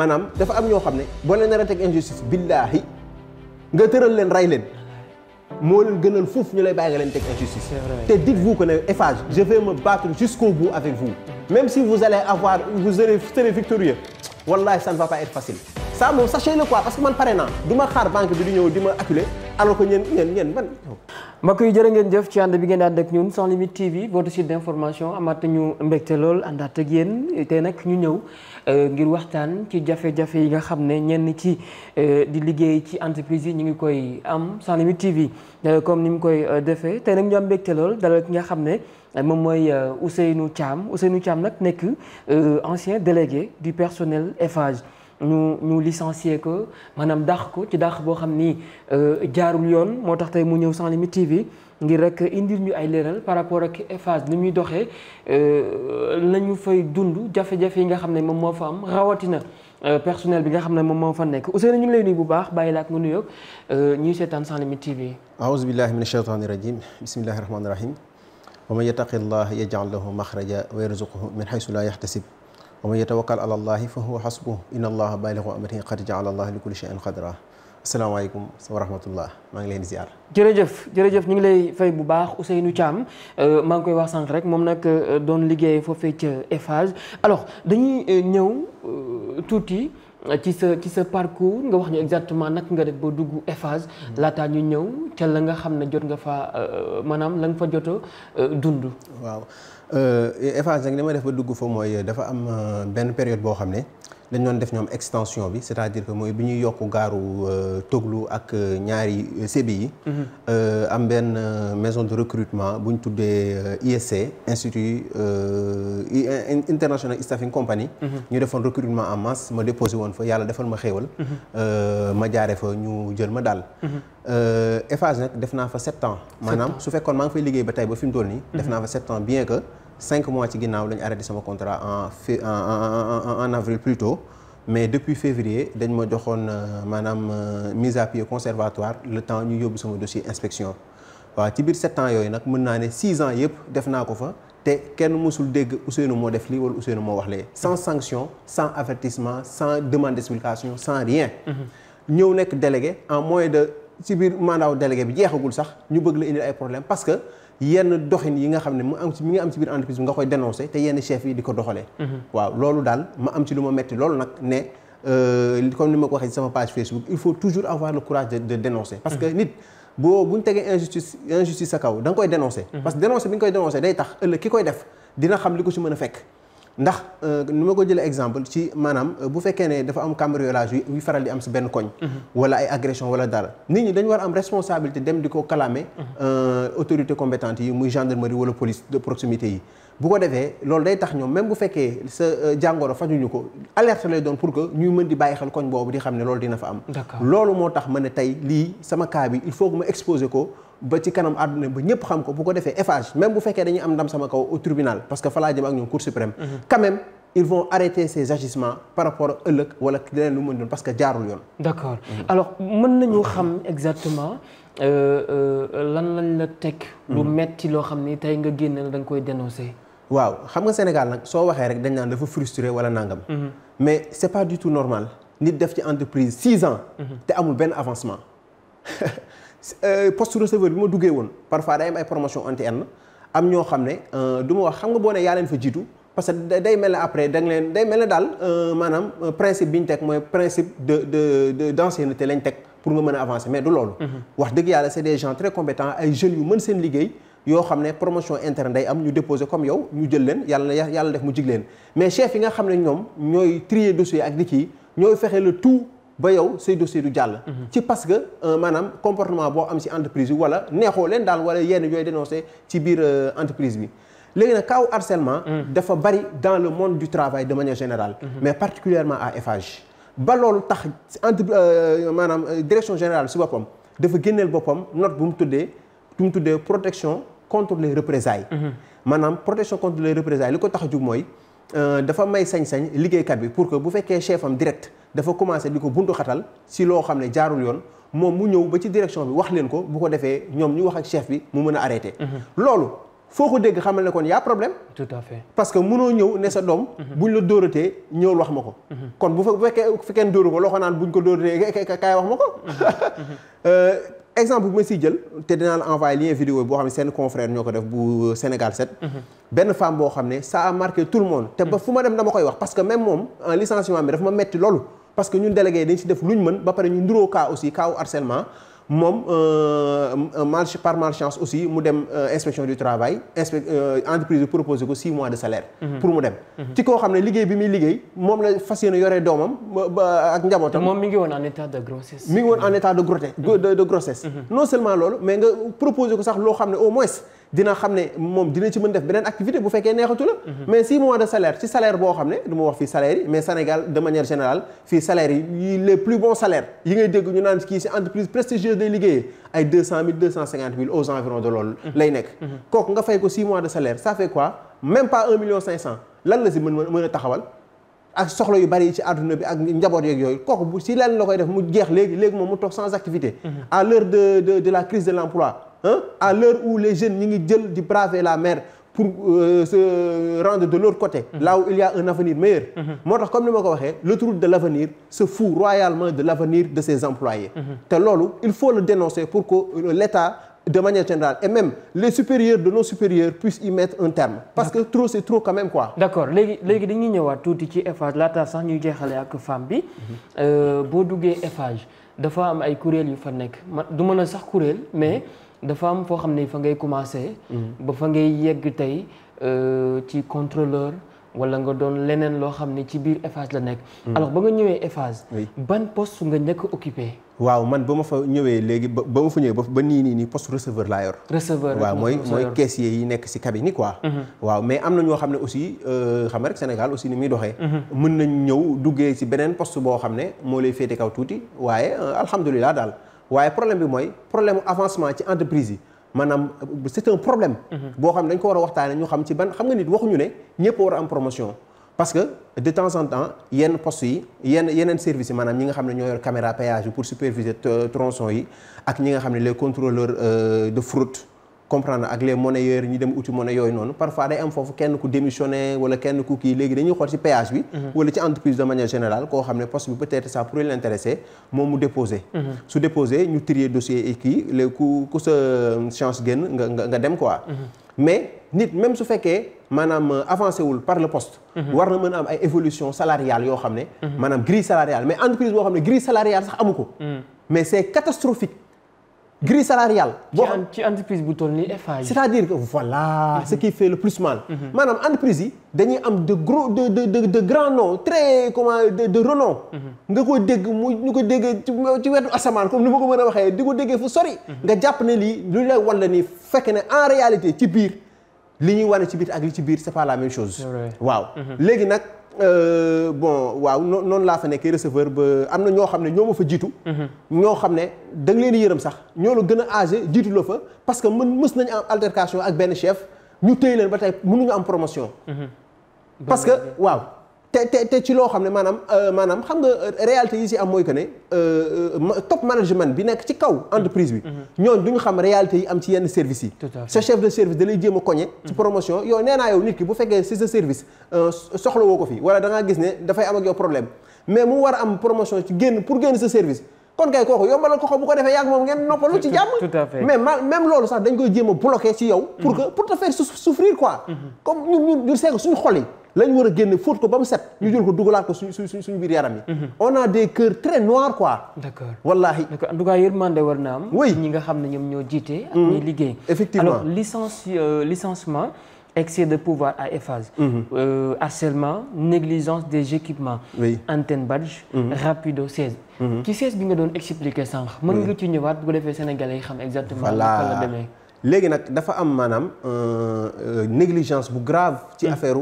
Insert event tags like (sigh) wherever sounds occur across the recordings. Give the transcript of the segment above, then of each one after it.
maanaam dafa am ñoo xam ne boo leen nar a teg injustice billaahi nga tëral leen rey leen moo leen gënal foofu ñu lay bàyyi nga leen teg injustice te dites-vous que ne Eiffage je vais me jusqu'au bout avec vous même si vous allez avoir vous serez serez victorieux wallahi ça ne va pas être facile ça moom sachez-le quoi parce que man pare naa du ma xaar banque bi di ñëw di ma acculer alors que ñeen ñeen ñeen man mbokk yi jërë ngeen jëf ci ànd bi ngeen ànd ak ñun sans limite TV votre site d'information amaat ñu mbégte lool àndaat ak yéen tey nag ñu ñëw euh, ngir waxtaan ci jafe-jafe yi nga xam ne ñenn ci euh, di liggéey ci entreprise yi ñu ngi koy am sans limite TV euh, comme ni mu koy defee tey nag ñu am mbégte lool dalal ki nga xam ne moom mooy Ousseynou Thiam Ousseynou caam nag nekk ancien délégué du personnel Eiffage ñu ñu licencié ko maanaam dàq ko ci dàq boo xam ni euh, jaarul yoon moo tax tey mu ñëw sans limite TV ngir rek indil ñu ay leeral par rapport ak Eiffage ni muy doxee euh, la ñu fay dund jafe-jafe yi nga xam ne moom moo fa am rawatina euh, personnel bi nga xam ne moom moo fa nekk Ousseynou ñu ngi lay bu baax bàyyi la ak nga nuyoog ñuy seetaan sans limite TV. aouzu billahi min ashaytani rajim bismillahi rahmani rahim wa man yattaqi llah yaj'al lahu maxraja wa yarzuqhu min xaysu laa yaxtasib wa man yatawakkal ala allahi fa huwa xasbuh inna allaha baaligu amrihi qad jaala allah li kulli shay'in qadra asalaamaaleykum wa rahmatullah maa ngi leen di ziar. jërëjëf jërëjëf ñu ngi lay fay bu baax nu Thiam euh, maa ngi koy wax sànq rek moom nag euh, doon liggéey foofee ca Eiffage alors dañuy euh, ñëw tuuti. ci sa ci sa parcours nga wax ñu exactement nag nga def ba dugg Eiffage mm. laataa ñu ñëw kenn la nga xam ne jot nga fa euh, maanaam la nga fa joto euh, dund waaw euh, Eiffage nag li ma def ba dugg fa mooy dafa am benn période boo xam ne dañ doon def ñoom extension bi c'est-à-dire que mooy bi ñuy yokk gaaru euh, Toglu ak euh, ñaari euh, CBI mm-hmm. am benn maison de recrutement bu ñu tuddee ISC institut international staffing company mm-hmm. ñu defoon recrutement en masse ma déposé woon fa yàlla defal ma xéewal mm-hmm. ma jaare fa ñu jël ma daal Eiffage nag def naa fa sept ans maanaam su fekkoon maa ngi fay liggéey ba tey ba fi mu toll nii def naa fa sept ans bien que cinq mois ci ginnaaw lañu arrêté sama contrat en f en avril plus tôt mais depuis février dañ ma joxoon euh, maanaam euh, mise à pied conservatoire le temps ñu yóbbu sama dossier inspection waaw ci biir sept ans yooyu nag mën naa ne six ans yëpp def naa ko fa te kenn mësul dégg Ousseynou moo def lii wala Ousseynou moo wax lee sans sanction sans avertissement sans demande d'explication sans rien mm-hmm. ñëw nekk délégué en moins de ci biir mandat délégué bi jeexagul sax ñu bëgg yenn doxin yi nga xam ne mu am ci mi ngi am ci biir entreprise bi nga koy dénoncé te yenn chef yi di ko doxalee mhm. waaw loolu daal ma am ci lu ma metti loolu nag ne euh, comme ni ma ko waxee ci sama page Facebook il faut toujours avoir le courage de, dénoncer parce mhm. nit boo bu ñu tegee injustice injustice sa kaw da koy dénoncer mhm. parce que dénoncer bi nga koy dénoncer day tax ëllëg ki koy def dina xam li ko ci mën a fekk ndax euh, nu ma ko jëlee exemple ci maanaam euh, bu fekkee ne dafa am cambriolage yu faral di am si benn koñ. Mhm. wala ay agression wala dara nit ñi dañu war am responsabilité dem di ko kalaame. Mhm. Euh, autorité compétente yi muy gendarmerie wala police de proximité yi. bu ko defee loolu day tax ñoom même bu fekkee sa jàngoro fajuñu ko alerte lay doon pour que ñuy mën di bàyyi xel koñ boobu di xam ne loolu dina fa am. loolu moo tax ma ne tey lii sama cas bi il faut que ma exposé ko. ba ci kanam àdduna ba ñëpp xam ko bu ko defee Eiffage même bu fekkee dañuy am ndam sama kaw au parce que fa laa jëm ak ñoom cour suprême mhm. quand arrêter ces agissements par rapport ak ëllëg wala leneen lu mën doon parce que jaarul yoon d'accord mhm. alors mën nañu xam exactement euh, euh, lan lañ la teg mhm. lu metti loo xam ni tey nga génn da nga koy dénoncer waaw xam nga Sénégal nag soo waxee rek dañ naan dafa frustré wala nangam mais c'est pas du tout normal (laughs) Euh, poste receveur bi ma duggee woon parfois day am ay promotion interne am ñoo xam ne euh, du wax xam nga boo ne yaa leen fa jiitu parce que day mel ne après da leen day mel ne daal euh, maanaam principe bi ñu teg mooy principe de de de lañ teg pour nga mën a avancer mais du loolu. Mm-hmm. wax dëgg yàlla c'est des gens très compétents ay jeunes yu mën seen liggéey. yoo xam ne promotion interne day am ñu déposé comme yow ñu jël leen yàlla yàlla def mu jig leen mais ba yow say dossier du jàll ci parce que euh, maanaam comportement boo am ci entreprise bi wala neexoo leen daal wala yenn yooyu dénoncé ci biir euh, entreprise bi léegi nag kaw harcèlement mm. dafa bari dans le monde du travail de manière générale mm-hmm. mais particulièrement à Eiffage ba loolu tax entre euh, maanaam direction générale ci boppam dafa génneel boppam note bu mu tuddee bu mu tuddee protection contre représailles mm-hmm. maanaam protection contre représailles li ko tax a jug mooy bi pour que bu fekkee chef am dafa commencé di ko buntu xatal si loo xam ne jaarul yoon moom mu ñëw ba ci direction bi wax leen ko bu ko defee ñoom ñu wax ak chef bi mu mën a arrêté mhm. loolu foo ko dégg xamal ne kon y'a problème tout à fait parce que mënoo ñëw ne sa doom mhm. buñ la dóoratee ñëwul ma ko mhm. kon bu fekkee fekkee dóoru ko loo ko naan buñ ko dóoratee kaay ko (laughs) euh, exemple bu ma siy jël boo xam ne seen confrère ko def bu Sénégal 7 a marqué tout le monde te ba fu wax que même moom en licenciement bi daf ma metti loolu parce que ñun délégué dañ si def luñ mën ba pare ñu nduróo cas aussi cas harcèlement moom euh, euh, par malchance aussi mu dem euh, inspection du travail inspe entreprise bi proposé ko six mois de salaire. Mhm. pour mu dem. Mhm. ci koo xam ne liggéey bi muy liggéey moom la fas yéene yoree doomam ak njabootam. moom mi ngi woon en état de grossesse. mi ngi woon en état de mhm. grossesse. non seulement loolu mais nga proposé ko sax loo xam ne au moins. dina xam ne moom dina ci mën def beneen activité bu fekkee neexatu la mhm. mais six mois de salaire ci salaire boo xam ne du ma wax fii salaire yi mais Sénégal de manière générale fii salaire yi les plus bons salaires yi ngay dégg ñu naan kii si entreprise prestigieuse day liggéeyee ay deux cent mille deux cent cinquante mhm. lay nekk mhm. kooku nga fay ko six mois de salaire ça fait quoi même pas un million cinq cent lan la si mën mën a taxawal ak soxla yu bari yi ci àdduna bi ak njaboot yooyu kooku si lan la koy def mu jeex léegi léegi moom mu toog sans à l'heure où les jeunes ñi ngi jël di braver la mer pour euh, se rendre de l'autre côté mhm. la où il y un avenir meilleur mhm. moo tax comme ni ma ko waxee le trou de l'avenir se fout royalement de l'avenir de ses employés mhm. te loolu il faut le dénoncer pour que euh, l'État de manière générale et même les supérieurs de nos supérieur puissent y mettre un terme parce que trop c'est trop quand même quoi d'accord léegi léegi dañuy ñëwaat tuuti ci Eiffage laata sax ñuy jeexale ak femme bi euh, boo duggee Eiffage dafa am ay kuréel yu fa nekk du mën a sax kuréel mais dafa am foo xam ne fa ngay commencer. Mhm. ba fa ngay yegg tey euh, ci contrôleur wala nga doon leneen loo xam ne ci biir Eiffage la nekk. Mhm. alors ba nga ñëwee effage ban poste nga njëkk occupé. waaw man ba ma fa ñëwee léegi ba ba ma fa ñëwee ba nii nii nii post receveur laa yor. receveur waaw mooy mooy caissier yi nekk ci cabine yi quoi. Mhm. waaw mais am na ñoo xam ne aussi euh, xam nga rek Sénégal aussi ni muy doxee. mën nañ ñëw duggee si beneen poste boo xam ne moo lay féete kaw tuuti waaye euh, alhamdulilah daal. waaye problème bi mooy problème avancement ci entreprise yi maanaam c'est problème boo xam ne dañ ko war a waxtaane ñu xam ci ban xam nga nit waxuñu ne ñëpp war a am promotion parce que de temps en temps yenn postes yi yenn yeneen services yi maanaam ñi nga xam ne ñoo yor caméra péage yi pour superviser euh, tronçon yi ak ñi nga xam ne les contrôleurs euh, de fraude comprendre ak les monnayeurs ñi dem uti monnaie yooyu noonu parfois day am foofu kenn ku démissionné wala kenn ku kii léegi dañuy xool ci péage bi mhm. wala ci entreprise de manière générale koo xam ne poste bi peut-être ça pourrait l'intéresser moom mu déposé mhm. su déposé ñu trier dossier et léegi ku ku sa euh, chance génn nga nga nga dem quoi mhm. mais nit même su fekkee maanaam euh, avancé par le poste war na mën a am ay évolution salariale yoo xam ne maanaam grille salariale grille salariale. boo xam ci entreprise bu toll nii FA c' est à dire voilà. Mhm. ce qui fait le plus mal. Mhm. maanaam entreprise yi dañuy am de gros de de de de grands noms renom. Mhm. nga koo dégg mu ñu ko déggee ci wetu asamaan comme ni ma ko mën a waxee di ko déggee fu sori. nga jàpp ne lii lu lay wan nii fekk ne en réalité ci biir li ñuy wane ci biir ak li ci biir c' pas la même chose. waaw léegi nag. Euh, bon waaw noonu laa fa nekkee receveur ba am na ñoo xam ne ñoo ma fa jiitu. Mm-hmm. ñoo xam ne da leen di yërëm sax ñoo la gën a âgé jiitu la fa parce que mën mës nañu am altercation ak benn chef ñu téye leen ba tey mënuñu am promotion. Mm-hmm. parce waaw. te te te ci loo xam ne maanaam euh, xam nga euh, réalité yi si am mooy que ne euh, top management bi nekk ci kaw entreprise bi. Mm-hmm. ñooñu du ñu xam réalité yi am ci yenn service yi. sa chef de service da lay koñe. ci mm-hmm. promotion yow nee yow nit ki bu fekkee si sa service soxla woo ko fi wala da gis ne dafay am ak yow problème mais mu war am promotion ci génn pour génn sa service. kon kay kooku yombalal ko ko bu ko defee yàgg moom ngeen noppalu ci jàmm mais mal lañu war a génne fóot ko ba mu set ñu jël ko dugalaat ko suñu suñ suñu biir yaram yi mhm. on a des cœurs très noirs quoi wallaahi d'accord en tout cas war na am oui ñi nga xam ne ñoom ñoo jiite ak mhm. ñi liggéey effectivement alors licence euh, licenciement excès de pouvoir à Eiffage mm -hmm. euh, harcèlement négligence des équipements antenne badge mm -hmm. rapido 16 ci 16 bi nga doon expliquer sànq mën nga ci ñëwaat bu ko defee sénégalais yi xam exactement naka la demee léegi nag dafa am maanaam euh, euh, négligence bu grave ci mhm. affaire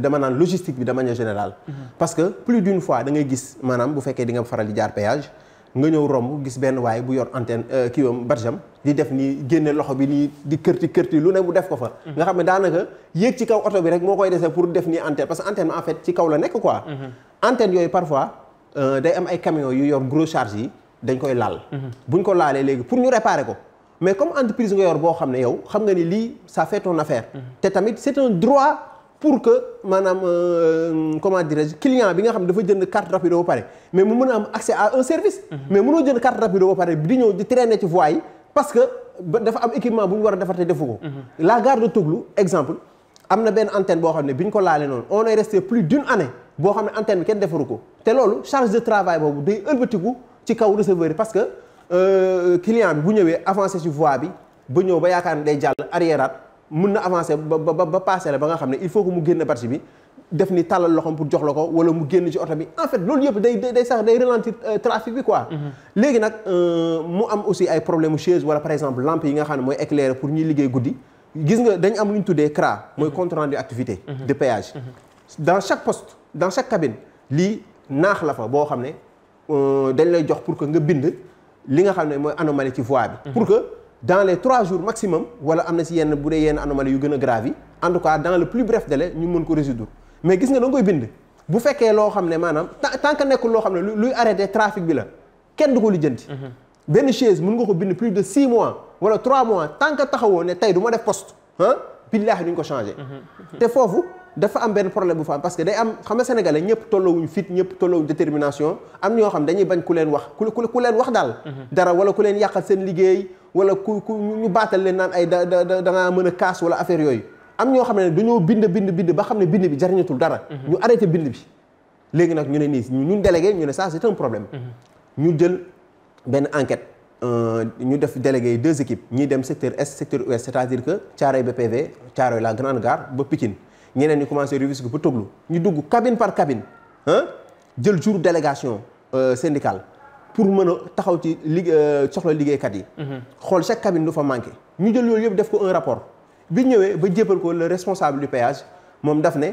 dama naan logistique bi de manière générale. Mhm. parce que plus d'une fois da ngay gis maanaam bu fekkee di nga faral di jaar péage. nga ñëw romb gis benn waay bu yor antenne euh, kii am di def ni génne loxo bi nii di kërti kërti lu ne mu def ko fa. Mhm. nga xam ne daanaka yéeg ci kaw oto bi rek moo koy dese pour def nii antenne parce que antenne en fait ci kaw la nekk quoi. Mhm. antenne yooyu parfois euh, day am ay camions yu yor gros charge yi dañ koy laal. buñ ko pour que maanaam euh, comment dirais-je client bi nga xam dafa jënd carte rapido ba pare mais mu mën a am accès à un service. Mhm. mais mënoo jënd carte rapido ba pare di ñëw di traîner ci voie yi parce que dafa am équipement bu ñu war a defar te defu ko. Mhm. la gare de exemple am na benn antenne boo xam ne bi ñu ko laalee noonu on est resté plus d'une année boo xam ne antenne bi kenn defaru ko te loolu charge de travail boobu day ëlbatiku ci kaw parce que euh, client bu ñëwee avancé ci bi ba ñëw ba yaakaar ne day jàll arriéraat. mën na avancer ba ba ba passé la ba nga xam ne il faut que mu génn parti bi def ni tàllal loxoom pour jox la ko wala mu génn ci oto bi en fait loolu yëpp day day sax day ralentir euh, trafic bi quoi. Mhm. léegi nag euh, mu am aussi ay problème chaise wala par exemple lampe yi nga xam ne mooy éclairer pour ñuy liggéey guddi gis nga dañ am lu ñu tuddee CRA. mooy mhm. compte rendu activité. Mhm. de péage. dans chaque poste dans chaque cabine lii naax la fa boo xam ne euh, dañ lay jox pour que nga bind li nga xam ne mooy anomalie ci voie dans les trois jours maximum wala am na si yenn bu dee yenn anomalie yu gën a grave yi en tout cas dans le plus bref délai ñu mën ko résoudre mais gis nga da koy bind bu fekkee loo xam ne maanaam tant que nekkul loo xam ne luy arrêté trafic bi la kenn du ko lijjanti mhm. benn chaise mën nga ko bind plus de six mois wala trois mois tant que taxawoo ne tey du ma def poste ah billaahi duñ ko changé mhm. te foofu dafa am benn problème bu fa am parce que day am xam nga sénégalais ñëpp tolloowuñ fit ñëpp tolloowuñ détermination am ñoo xam dañuy bañ ku leen wax ku ku leen wax daal. Mhm. dara wala ku leen yàqal seen liggéey wala ku ku ñu baatal leen naan ay da da da mën a kaas wala affaire yooyu. am ñoo xam ne dañoo bind bind bind ba xam ne bind bi jariñatul dara. Mhm. ñu arrêté bind bi. léegi nag ñu ne nii ñun délégué ñu ne ça c'est un problème. Mhm. ñu jël benn enquête. Euh, ñu def délégué deux équipes ñii dem secteur est secteur ouest que Thiaroye BPV Thiaroye la Grande Gare ba Pikine ñeneen ñu commencé bu ba lu ñu dugg cabine par cabine jël jour délégation euh, syndicale pour mën a taxaw ci liggéey euh, soxla liggéeykat yi. Mhm. xool chaque cabine du fa manqué. ñu jël loolu yëpp def ko un rapport bi ñëwee ba jébbal ko le responsable du péage moom daf ne.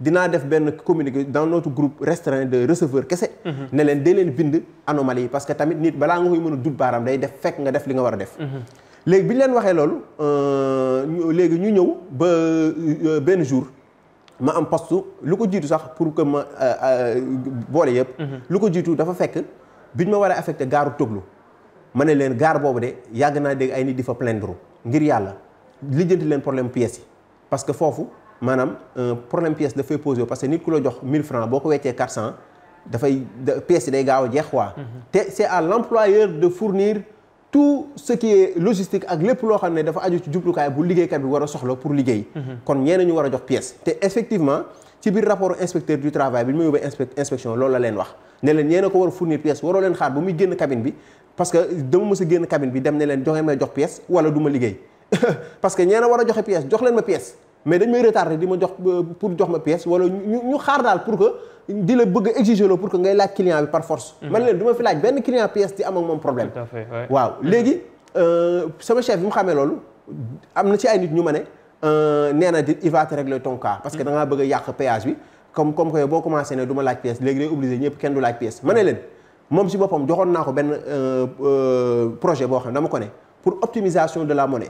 dinaa def benn communiqué dans notre groupe restreint de receveurs kese. ne leen dee leen bind anomalie yi parce que tamit nit balaa nga koy mën a dut baaraam day def fekk nga def li nga war a def. léegi bi ñu leen waxee loolu euh, léegi ñu ñëw ba euh, benn jour ma am poste lu ko jiitu sax pour que ma euh, boole yëpp. lu ko jiitu dafa fekk bi ñu ma war a affecté gaaru Toglu ma ne leen gaar boobu de yàgg naa dégg ay nit di fa plaindre ngir yàlla lijjanti leen problème pièces yi maanaam euh, problème pièce dafay posé parce que nit ku la jox 1000 francs boo ko weccee 400 dafay pièce day gaaw a jeex waa mhm. te c'est à l'employeur de fournir tout ce qui est logistique ak lépp loo xam ne dafa aju ci jublukaay bu liggéeykat bi war a soxla pour liggéey. Mhm. kon ñeneen ñu war a jox pièce. te effectivement ci biir rapport inspecteur du travail bi ñu ma yóbbee inspection loolu la leen wax ne leen ñeneen ko war a fournir pièce waroo leen xaar a génn cabine bi dem ne jox pièce wala du ma (laughs) a joxe mais dañ may retardé di ma jox euh, pour jox ma pièce wala ñu ñu xaar daal pour que di la bëgg a pour que ngay laaj client bi par force. Mhm. man leen du ma fi laaj benn client pièce di am ak moom problème. waaw mhm. léegi euh, sama chef bi mu xamee loolu am na ci ay nit ñu ma ne euh, nee na di il va te régler ton cas. parce que mhm. da bëgg yàq péage bi comme comme que boo commencé ne duma ma laaj pièce léegi day obligé ñëpp kenn du laaj pièce. ma ne leen moom si boppam joxoon naa ko benn projet boo xam ne dama ko ne pour optimisation de la monnaie.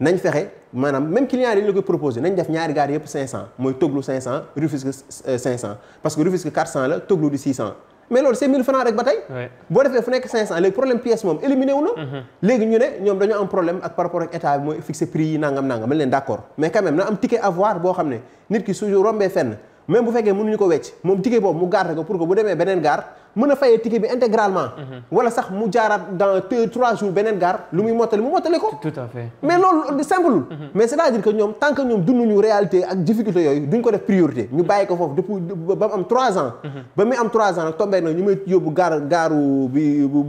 nañ fexe maanaam même client yi la koy proposé nañ def ñaari gaar yëpp 500 mooy Toglu 500 Rufisque 500 parce que Rufisque 400 la Toglu di 600. mais loolu c'est 1000 francs rek ba tey boo defee fu nekk 500 léegi problème pièce moom éliminé wu mhm. léegi ñu ne ñoom dañoo am problème ak par rapport ak bi mooy fixé prix yi nangam nangam ma leen d'accord mais quand na am ticket avoir boo xam ne nit ki su rombee fenn mais bu fekkee mënuñu ko wecc moom ticket boobu mu garde ko pour que bu demee beneen gaar mën a fayee ticket bi intégralement mhm. wala sax mu jaaraat dans deux trois jours beneen gaar lu muy mottali mu mottali ko tout à mais loolu simple mhm. mais c' est dire que ñoom tant que ñoom dunduñu réalité ak difficulté yooyu duñ ko def priorité ñu bàyyi ko foofu depuis ba mu am trois ans mhm. ba muy am trois ans nag tombé na ñu may yóbbu gaaru bi bu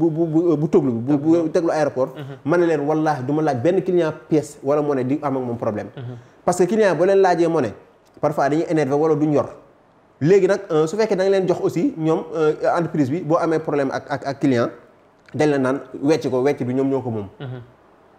bu tëglu bu tëglu aéroport ma laaj benn client pièce wala monnaie di am parfois dañuy énervé wala duñ yor léegi nag euh, su fekkee da leen jox aussi ñoom euh, entreprise bi boo amee problème ak ak ak client dañ la naan wecc ko wecc bi ñoom ñoo ko moom mhm.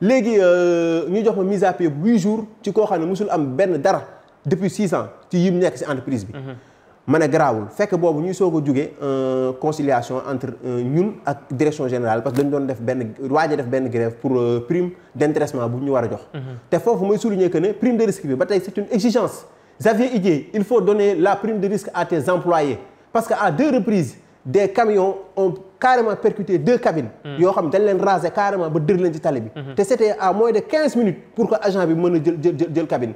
léegi euh, ñu jox ma mise à pied bu jours ci koo xam ne musul am benn dara depuis six ans ci yim nekk si entreprise bi. Mhm. ma ne fekk boobu ñuy soog a jógee euh, conciliation entre euh, ñun ak direction générale parce que dañu def benn waaja def benn grève pour prime d'intéressement bu ñu war a jox. Mhm. te foofu mooy souligner que ne prime de risque bi ba tey c'est exigence. Xavier Idié il faut donner la prime de risque à tes employés parce que à deux reprises des camions carrément percuté deux cabines. Hmm. yoo xam dañ leen raser carrément ba dër leen ci tali bi. Hmm. te c' était à moins de quinze minutes pour que agent bi mën a jël jël jël cabine.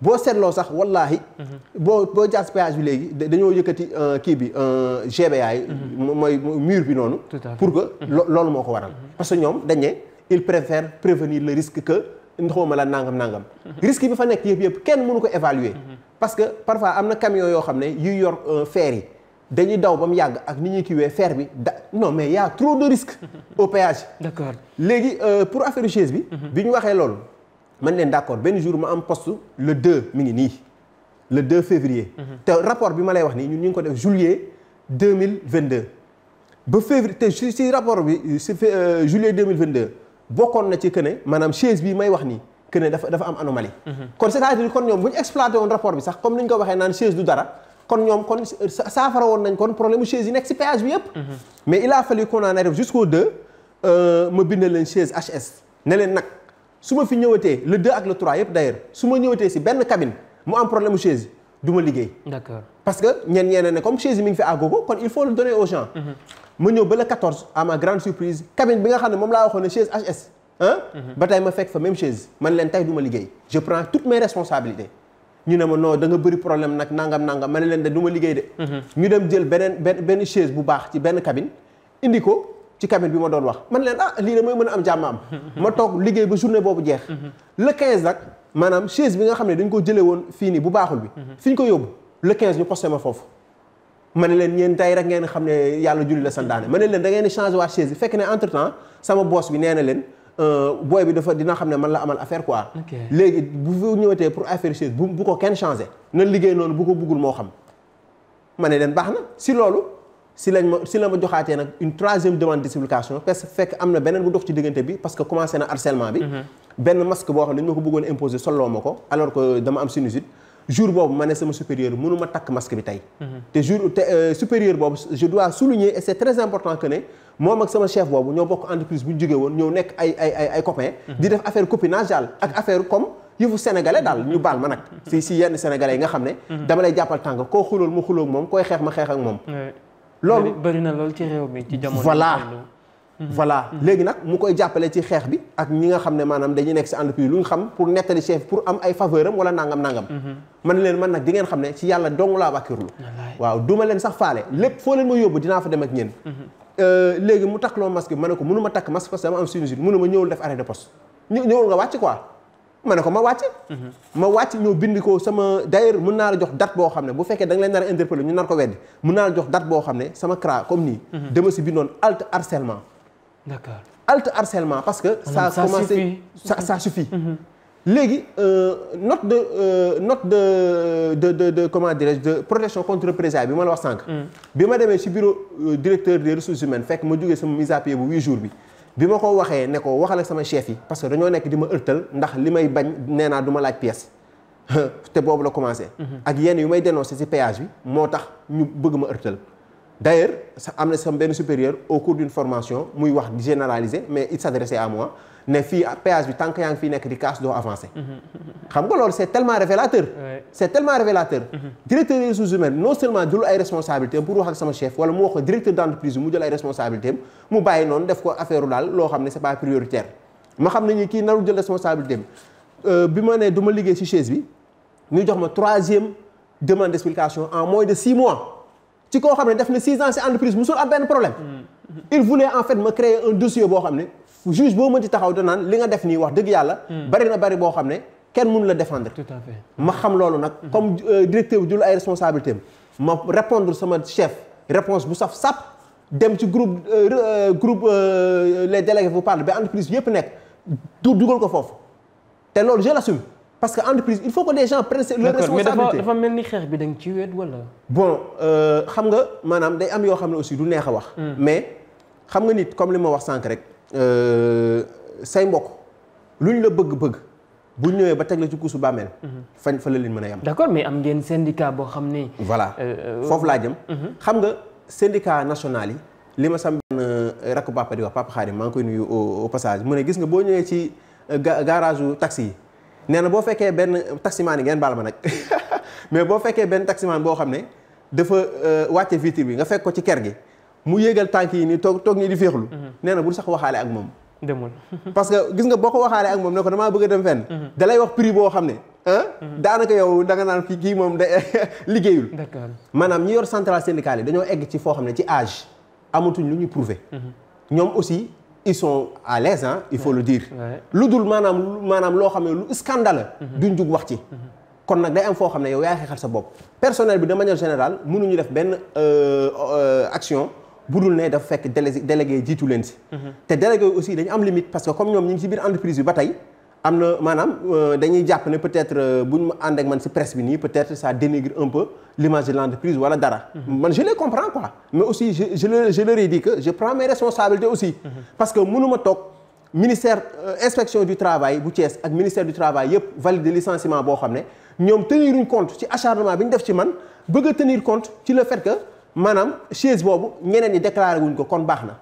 boo seetloo sax wallaahi. Hmm. boo boo jaar péage bi léegi dañoo yëkkati euh, kii bi euh, GBA yi. mooy mur bi noonu. pour que loolu moo ko waral. parce que ñoom dañ ne ils préfèrent prévenir le risque que ndoxuma la nangam nangam. risque bi fa nekk yëpp yëpp kenn mënu ko évaluer. parce que parfois am na camion yoo xam ne yuy yor euh, fer yi. dañuy daw ba mu yàgg ak ni ñuy kiiwee fer bi da non mais y a trop de risques (laughs) au péage. d'accord léegi euh, pour affaire chaise bi. Mhm. bi ñu waxee loolu man leen d'accord benn jour ma am poste le 2 mi ngi nii le 2 février. Mhm. te rapport bi ma lay wax nii ñu ngi ko def juillet 2022. ba février te si rapport bi si euh, juillet 2022 bokkoon na ci que ne chaise bii may wax nii que dafa dafa am anomalie. Mhm. kon c'est-à-dire kon ñoom bu ñu exploité woon rapport bi sax comme ni ñu ko waxee naan chaise du dara. kon ñoom kon saafara woon nañ kon problème mu chaise yi nekk si péage bi yëpp. mais il a fallu qu'on en arrive jusqu'au euh, ma bindal leen chaise HS ne leen nag su ma fi ñëwatee le deux ak le trois yëpp d'ailleurs su ma ñëwatee si benn cabine mu am problème mu chaise du ma liggéey. d'accord parce que ñenn ñeneen ne comme chaise mi ngi fi àggogo kon il faut le donner aux gens. Mhm. ma ñëw ba le quatorze à ma grande surprise cabine bi nga xam ne moom laa waxoon ne chaise HS ah. Mhm. ba tey ma fekk fa leen tey du liggéey je prends toutes mes responsabilités. ñu ne ma non da nga bëri problème nag nangam nangam ma leen de du ma liggéey de. Mhm. ñu dem jël beneen benn benn chaise bu baax ci benn cabine indi ko ci cabine bi ma doon wax man leen ah lii de mooy mën a am jàmm am. Mhm. ma toog liggéey ba journée boobu jeex. Mhm. le 15 nag maanaam chaise bi nga xam ne dañ ko jëlee woon fii nii bu baaxul bi. fi ñu ko yóbbu le 15 ñu posté ma foofu. ma leen ñeen tey rek ngeen xam ne yàlla julli la santaane ma ne leen da ngeen di changé bi ne leen. Euh, booy bi dafa dina xam ne man la amal affaire quoi. léegi bu fi ñëwatee pour affaire chose bu bu ko kenn changé. na liggéey noonu bu ko buggul moo xam ma ne leen baax na si loolu si lañ ma si la ma joxaatee nag une troisième demande d'explication parce que fekk am na beneen bu dox ci diggante bi parce que commencé na harcèlement bi. Mhm. benn masque boo xam ne dañ ma ko bëggoon imposer soloo ko alors que dama am sinusite. jour boobu ma ne sama supérieur mënu moom ak sama chef boobu ñoo bokk entreprise bu ñu jógee woon ñëw nekk ay ay ay ay mhm. di def affaire copinage daal ak mhm. affaire comme yëfu sénégalais daal ñu baal ma nag mhm. si si yenn sénégalais yi nga xam ne dama lay jàppal tànk koo xulool ma xuloog moom koy xeex ma xeex ak moom loolu bëri na lool ci réew mi ci jamono voilà voilà léegi nag mu koy jàppale ci xeex bi ak ñi nga xam ne maanaam dañuy nekk si entreprise lu ñu xam pour nettali chef pour am ay faveur am wala nangam nangam man leen man nag di ngeen xam ne ci yàlla dong laa wàkkirlu waaw duma leen sax faale lépp foo leen ma dinaa fa dem ak ñeen Euh, léegi mu takk loo masque bi ma ne ko mënu ma takk masque parce dama am sinusite mënu ma ñëwul def arrêt de poste ñëwul nga wàcc quoi ma ne ko ma wàcc mhm. ma wàcc ñëw bind koo sama d'ailleurs mun naa la jox date boo xam ne bu fekkee da nga leen nar a interpellé ñu nar ko weddi mën naa la jox date boo xam ne sama CRA comme nii mhm. dama si bindoon halte harcèlement d'accord halte harcèlement parce que sa ah, commencé ça ça suffit mhm. léegi euh, note de euh, note de de de de comment dirais-je de protection contre représailles bi ma la wax sànq. Mm. bi ma demee ci bureau euh, directeur de ressources humaines fekk ma jógee sama mise à pied bu huit jours bi. bi ma ko waxee ne ko waxal ak sama chef yi parce que dañoo nekk di ma ërtal ndax li may bañ nee naa du ma laaj pièce (laughs) te boobu la commencé. Mm-hmm. ak yenn yu may dénoncé ci péage bi moo tax ñu bëgg ma ërtal. d'ailleurs am na sama benn supérieur au cours d'une formation muy wax généralisé mais il s'adressait à ne fii péage bi tant que yaa ngi fii nekk di casse doo avancé xam nga loolu c' est tellement révélateur c' est tellement révélateur mm-hmm. directeur des ressources humaines non seulement jël ay responsabilité pour wax ak sama chef wala mu wax ko directeur d' entreprise bi mu jël ay responsabilité mu bàyyi noonu def ko affaire daal loo xam ne c' est pas prioritaire ma xam ne kii narul jël responsabilité euh, bi ma ne du ma liggéey ci chaise bi ñu jox ma troisième demande d' explication en moins de six mois koo xam ne def na six ans ci entreprise mm-hmm. boo xam ne juge boo mënti taxaw danaan li nga def nii wax dëgg yàlla hmm. bari na bari boo xam ne kenn mënu la défendre tout à ma xam loolu nag hmm. comme euh, directeur bi jul ay responsabilité am ma répondre sama chef réponse bu saf sap dem ci groupe euh, euh, groupe les délégués vous parlent ba entreprise yëpp nekk du dugal ko foofu te loolu je l'assume parce que entreprise il faut que les gens prennent leur responsabilité mel ni xeex bi da nga ci wet wala bon xam nga maanaam day am yoo xam ne aussi du neex a wax hmm. mais xam nga nit comme li ma wax sànq rek Euh, say mbokk luñ la bëgg-bëgg bu ñëwee ba teg la ci kuusu bàmmeel. Mhm. fañ fa la mën a yem. d'accord mais am ngeen syndicat boo xam ni. voilà euh, euh, foofu laa jëm. Mhm. xam nga syndicat national yi li ma sam benn rakk papa di wax papa Xaadim maa ngi koy nuyu au mu ne gis nga boo ñëwee ci garage u taxi yi nee na boo fekkee benn taximaan yi ngeen baal ma nag (laughs) mais boo fekkee benn taximaan boo xam ne dafa wàcce vitre bi nga fekk ko ci ker gi. mu yéegal tànk yi nii toog toog nii di féexlu mhm. nee na bul sax waxaale ak moom demul (laughs) parce que gis nga boo ko waxaale ak moom ne ko damaa bëgg a dem fenn mhm. da wax prix boo xam ne mhm. daanaka yow da nga naan kii moom da (laughs) liggéeyul maanaam ñi yor centrale syndicale yi dañoo egg ci foo xam ne ci âge amatuñ lu ñu prouver ñoom aussi il sont à l'aise hein il faut le dire lu dul maanaam maanaam loo xam ne lu scandale duñ jug wax ci kon nag day am foo xam ne yow yaa xeexal sa bopp personnel bi de manière générale mënuñu def benn euh, euh, action budul ne dafa fekk délégué jiitu leen si. Mhm. te délégué aussi dañu am limite parce que comme ñoom ñu ngi si biir entreprise bi ba tey am na maanaam euh, dañuy jàpp ne peut-être euh, bu ñu ànd ak man si presse bi nii peut-être ça dénigre un peu l'image de l'entreprise wala dara. Mhm. man je les comprends quoi. mais aussi je je leur je leur ai dit que je prends mes aussi. Mhm. parce que mënu toog ministère euh, inspection du travail bu Thiès ak ministère du travail yëpp boo xam ne ñoom teniruñ compte bi ñu def ci man bëgg a maanaam chaise boobu ñeneen yi déclaré wuñ ko kon baax na.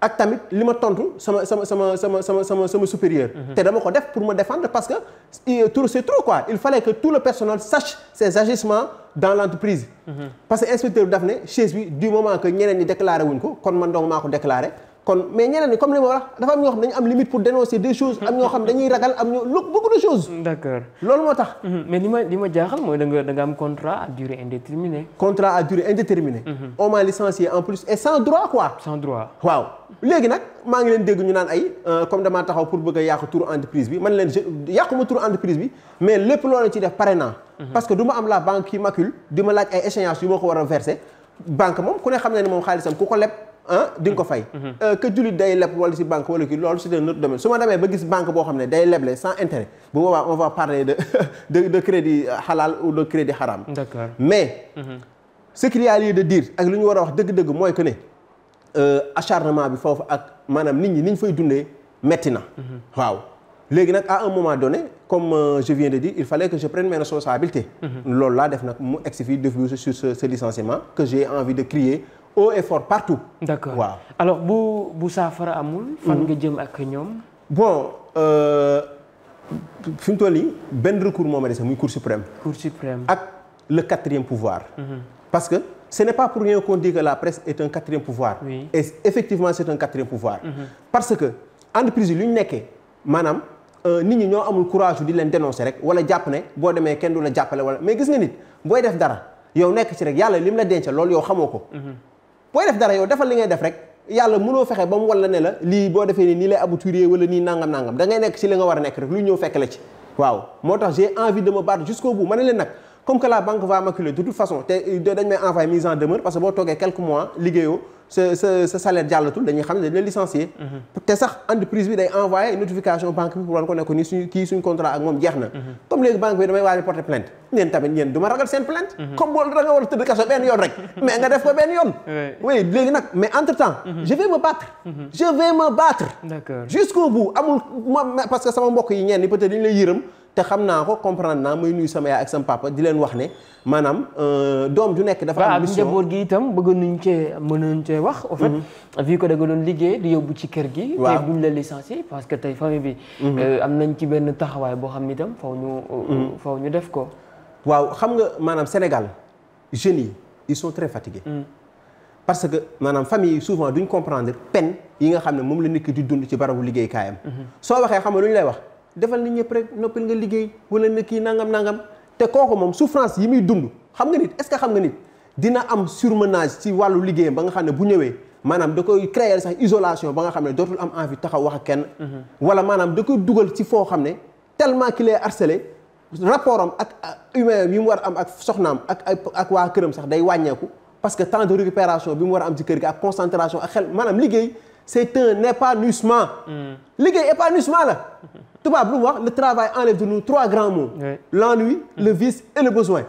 ak tamit li ma tontu sama sama sama sama sama sama sama supérieur. Mhm. te dama ko def pour me défendre parce que trop c'est trop quoi il le que tout le personnel sache ses agissements dans l'entreprise. Mhm. parce que inspecteur bi daf ne chaise bi du moment que ñeneen ñi déclaré wuñ ko kon man donc maa ko déclaré. kon mais ñeneen ñi comme li ma wax dafa am ñoo xam dañuy ragal am ñoo loolu moo tax mm-hmm. mais li ma jaaxal mooy da am contrat à durée indéterminée contrat à durée indéterminée mm-hmm. on a licencié en plus et sans droit quoi sans droit waaw léegi nag maa ngi leen dégg ñu naan ay euh, comme damaa taxaw pour bëgg a yàqu turu entreprise bi man leen yàquma turu entreprise bi mais lépp loolu ci def pare naa mm-hmm. parce que du ma am la banque qui m'accule di laaj ay échéances a verser banque moom moom xaalisam ku ko leb ah di nga ko fay mhm. euh, que jullit day leb wala si banque wala kii loolu c'est un autre domaine su ma demee ba gis banque boo xam ne day leble sans intérêt bu boobaa on va parler de (laughs) de de crédit halal ou de crédit haram mais mhm. ce qu'il y a lieu de dire ak lu ñu war a wax dëgg-dëgg mooy que euh, acharnement bi foofu ak maanaam nit ñi ni ñu fay dundee metti na mhm. waaw léegi nag à un moment donné comme euh, je viens de dire il fallait que je prenne mes responsabilités loolu laa def nag haut et fort partout. d'accord waaw alors bu bu saafara amul. fan mhm. nga jëm ak ñoom. boo euh, fi mu toll nii benn recours moo ma dese muy cour suprême. cour suprême ak le quatrième pouvoir. Mhm. parce que ce n'est pas pour rien qu'on dit que la presse est quatrième pouvoir. et effectivement c'est quatrième pouvoir. Mhm. parce que entreprise yi lu ñu nekkee maanaam. Euh, nit ñi ñoo amul courage di leen dénoncer rek wala jàpp ne boo demee kenn du la jàppale wala mais gis nga nit booy de dara yow nekk ci rek yàlla lim la denc loolu yow xamoo ko. booy def dara yow defal li ngay def rek yàlla mënoo fexe ba mu walla ne la lii boo defee nii nii lay abouturer wala nii nangam nangam dangay nekk ci li nga war a nekk rek lu ñëw fekk la ci waaw moo tax j'ai envie de me battre bu bout ma ne leen nag comme que banque va maculer de toute façon te dañ may envoyé mise en demeure parce que boo toogee quelques mois liggéeyoo sa sa sa salaire jàllatul dañuy xam ne licencier mhm. te sax entreprise bi day envoyé notification banque pour wan ko ne ko ni suñu kii suñu contrat ak moom jeex na mhm. comme léegi banque bi damay waaj a porter plainte ñeen tamit ñeen du ma ragal seen plainte mhm. comme boolu da war a tëdd kaso benn yoon rek (laughs) mais nga def ko benn yoon oui te xam naa ko comprendre naa muy nuyu sama ak sama papa di leen wax ne maanaam euh, doom ju nekk dafa am mission njaboot gi itam bëgg nuñ cee mën nañ cee wax en fait mhm. vu que da nga doon liggéey di ci kër gi tey buñ la licencié parce que tey famille mhm. euh, am nañ ci benn taxawaay boo xam ni itam faw ñu euh, mhm. faw ñu def ko waaw xam nga maanaam Sénégal jeunes yi ils sont très parce que maanaam famille yi souvent duñ comprendre peine yi nga xam ne moom la nit di dund ci barabu liggéeykaayam soo waxee xam nga lu ñu lay wax defal nit ñëpp rek noppil nga liggéey wala na kii nangam nangam te kooku moom souffrance yi muy dund xam nga nit est ce que xam nga nit dina am surmenage ci wàllu liggéeyam ba nga xam ne bu ñëwee maanaam da koy créer sax isolation ba nga xam ne dootul am envie taxaw wax ak kenn. Mhm. wala maanaam da koy dugal ci foo xam ne tellement qu'il est harcelé rapport am ak humain yi mu war am ak soxnaam ak ak waa këram sax day wàññeeku parce que temps de récupération bi mu war am ci kër gi concentration ak maanaam liggéey. c'est un épanouissement. Mm. liggéey épanouissement la. tubaab lu mu wax le travail enlève de nous trois grands mots. l'ennui mm. le vice et le besoin.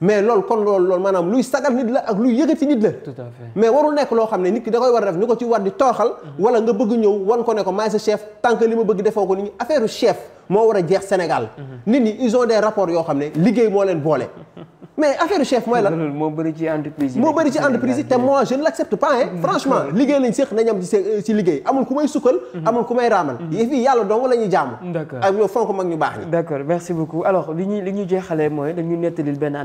mais loolu kon lool loolu maanaam luy sagal nit la ak luy yëkkati nit la. tout mais warul nekk loo xam ne nit ki da koy war a def ñu ko ci war di tooxal. Mm-hmm. wala nga bëgg ñëw wan ko ne ko maay sa chef tant que li ma bëgg defoo ko nit ñi affaire chef moo war a jeex Sénégal. Mm-hmm. nit ñi ils ont des yoo xam ne liggéey moo leen boole. (laughs) mais affaire chef mooy lan moo bëri ci entreprise yi moo bëri ci entreprise yi te moi je ne l'accepte pas hein mm-hmm. franchement liggéey lañ séq nañu am euh, ci liggéey amul ku may sukkal mm-hmm. amul ku may raamal mm-hmm. yëf yi yàlla dong la ñuy jaamu d'accord ak ñoo fonk mag ñu baax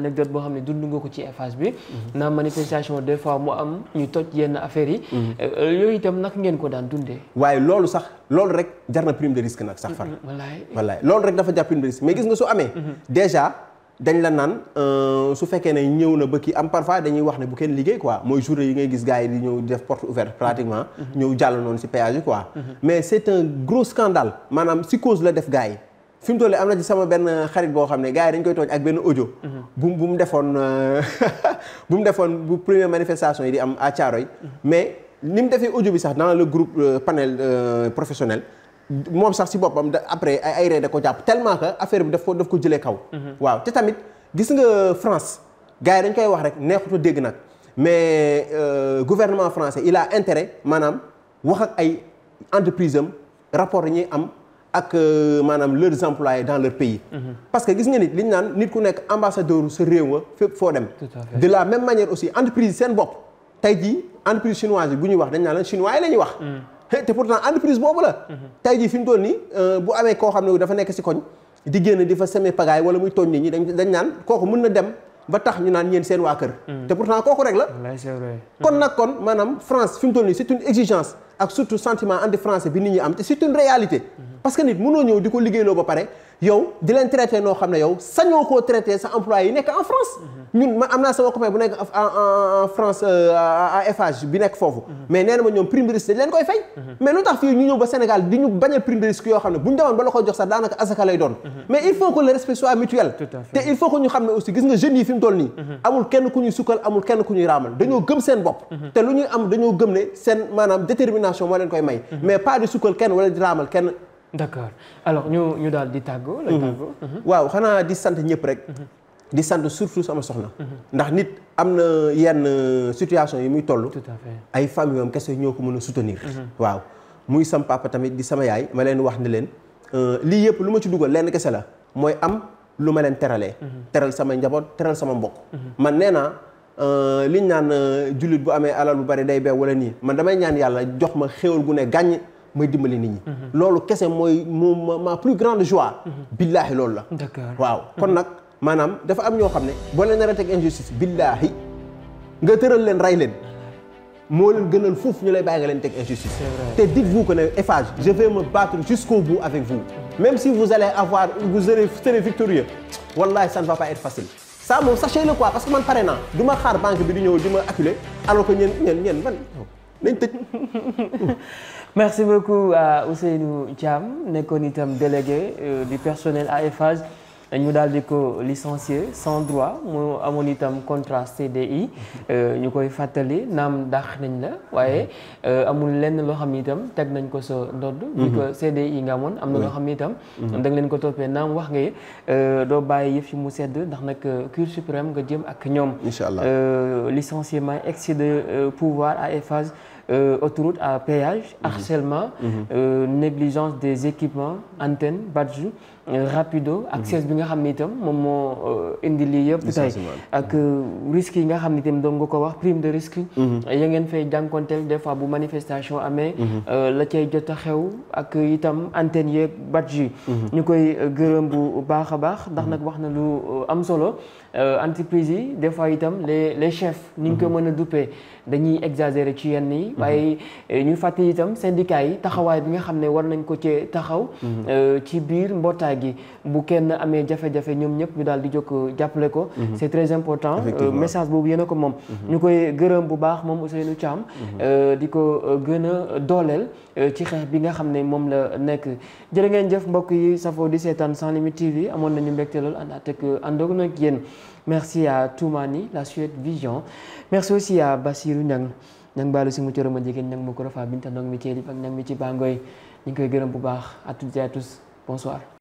nga ko ci Eiffage bi naa manifestation des fois mu am ñu toj yenn affaires yi euh, euh, yooyu itam nag ngeen ko daan dundee waaye loolu sax loolu rek jar na prime de risque nag sax far wallaay loolu rek dafa jar prime de risque mais gis nga su amee déjà dañ la naan euh, su fekkee ne ñëw na ba kii am parfois dañuy wax ne bu kenn liggéey quoi mooy journée yi ngay gis gars yi di ñëw def porte ouverte pratiquement. Mhm. ñëw jàll noonu ci péage yi quoi. Mhm. mais c'est gros scandale maanaam ci cause la def gars yi. fi mu toll am na ci sama benn xarit boo xam ne gars dañ koy tooñ ak benn audio. Mhm. bu bu mu defoon euh, (laughs) bu mu defoon bu premier manifestation yi di am à Thiaroye mais ni mu defee audio bi sax dans le groupe euh, panel professionnel. moom sax si boppam da après ay ree da ko jàpp tellement que affaire bi daf ko daf ko jëlee kaw. Mhm. waaw te tamit gis nga France gars yi dañ koy wax rek neexutu dégg nag mais euh, gouvernement français il a intérêt maanaam wax ak ay entreprise am rapport yi ñuy am ak euh, maanaam leurs employés dans leur pays. Mhm. parce que gis nga nit li ñu naan nit ku nekk ambassadeur sa réew nga fépp foo dem. de la même manière aussi entreprise seen bopp tey jii entreprise chinoise bi bu ñuy te pourtant entreprise boobu la. tey jii fi mu toll nii euh, bu amee koo xam ne dafa nekk si koñ. di génn di fa seme pagaay wala muy tooñ nit ñi dañ dañ naan kooku mun na dem ba tax ñu naan ñeen seen waa kër. Mm. te pourtant kooku rek la. kon nag kon maanaam France fi mu toll nii c'est une exigence ak surtout sentiment anti français bi nit ñi am te c'est une réalité. Mm-hmm. parce nit mënoo ñëw di ko liggéeyloo ba pare. yow di leen traité noo xam ne yow sañoo koo traité sa employé yi nekk en France. ñun man am naa sama copain bu nekk euh, foofu. mais nee ma ñoom prime de leen koy fay. mais lu tax fii ñu ñëw ba Sénégal di ñu bañ a prime yoo xam ne bu ñu demoon ba la koy jox sax daanaka asaka lay doon. mais il faut que le respect mutuel. te il faut que ñu xam ne aussi gis nga jeunes yi fi toll nii. amul kenn ku ñuy sukkal amul kenn ku ñuy raamal dañoo gëm seen bopp. d'accord alors ñu ñu daal di tàggoo. lay mhm. tàggoo. Mhm. waaw xanaa di sant ñëpp rek. Mhm. di sant surtout sama soxna. ndax nit am na yenn euh, situation yi muy toll. tout à fait ay famille am kese ñoo ko mën a soutenir. waaw muy sam tamit di sama yaay ma leen wax ni leen euh, lii yëpp lu ma ci dugal lenn kese la mooy am lu ma leen teralee. teral sama njaboot teral sama mbokk. man nee naa euh, liñ naan jullit bu amee alal bu bari day beew wala nii man damay ñaan yàlla jox ma xéwal gu ne gàññ. mooy dimbali nit ñi. Mhm. loolu kese mooy mu ma plus grande joie. Mhm. billaahi loolu la. waaw kon nag maanaam dafa am ñoo xam ne boo leen naree teg injustice billaahi nga tëral leen rey leen. moo leen gënal foofu ñu lay bàyyi nga leen teg injustice. te dites-vous que ne Eiffage je vais me battre jusqu'au bout avec vous. même si vous allez avoir vous serez serez victorieux wallahi ça ne va pas être facile. ça moom sachez-le quoi parce que man pare naa du ma xaar banque bi di ñëw di ma acculer alors que ñeen ñeen ñeen nañ tëj. (laughs) merci beaucoup à Ousseynou Thiam nekkoon itam délégué euh, du personnel à Eiffage. ñu daal di ko licencier sans droit mu amoon itam contrat CDI ñu koy fàttali naam dàq nañ la waaye euh, amul lenn loo xam ni itam teg nañ ko sa ndodd bi mhm. ko CDI nga amoon am na loo xam ni itam mhm. da leen ko toppee naam wax nga euh, doo bàyyi yëf yi mu sedd ndax nag euh, Cour suprême nga jëm ak ñoom inchallah licenciement excès de pouvoir à Eiffage Euh, autoroute à péage. Mmh. harcèlement. Mmh. Euh, négligence des équipements antennes badge. rapido ak accès mhm. bi nga xam ne itam moom moo euh, indi lii yëpp tey ak euh, risques yi nga xam ne itam doon nga ko wax prime de risque mhm. ya ngeen fay jànkonteel des fois bu manifestation amee mhm. euh, la cay jot a xew ak itam antenne yeeg badge yi ñu koy gërëm bu baax a baax ndax nag wax na lu am solo Euh, entreprise yi des fois itam les les chefs ni ñu ko mhm. mën a duppee dañuy exagérer ci yenn yi mhm. waaye euh, ñu fàtte itam syndicat yi taxawaay bi nga xam ne war nañ ko ci taxaw mhm. euh, ci biir mbootaay gi bu kenn amee jafe-jafe ñoom ñëpp ñu daal di jóg jàppale ko c'est très important message boobu yéen a ko moom ñu koy gërëm bu baax moom Ousseynou Thiam di ko gën a dooleel ci xeex bi nga xam ne moom la nekk jërë ngeen jëf mbokk yi safoo di seetaan sans limite TV amoon nañu mbégte lool ànd ak àndoog nag yéen Merci à Toumani, la Suède Vision. Merci aussi à Bassirou Niang. Niang baalu si mu coro ma jigéen Niang ma ko rafaa binta ndong mi ceelib ak Niang mi ci bangoy ñu ngi koy gërëm bu baax à toutes et tous bonsoir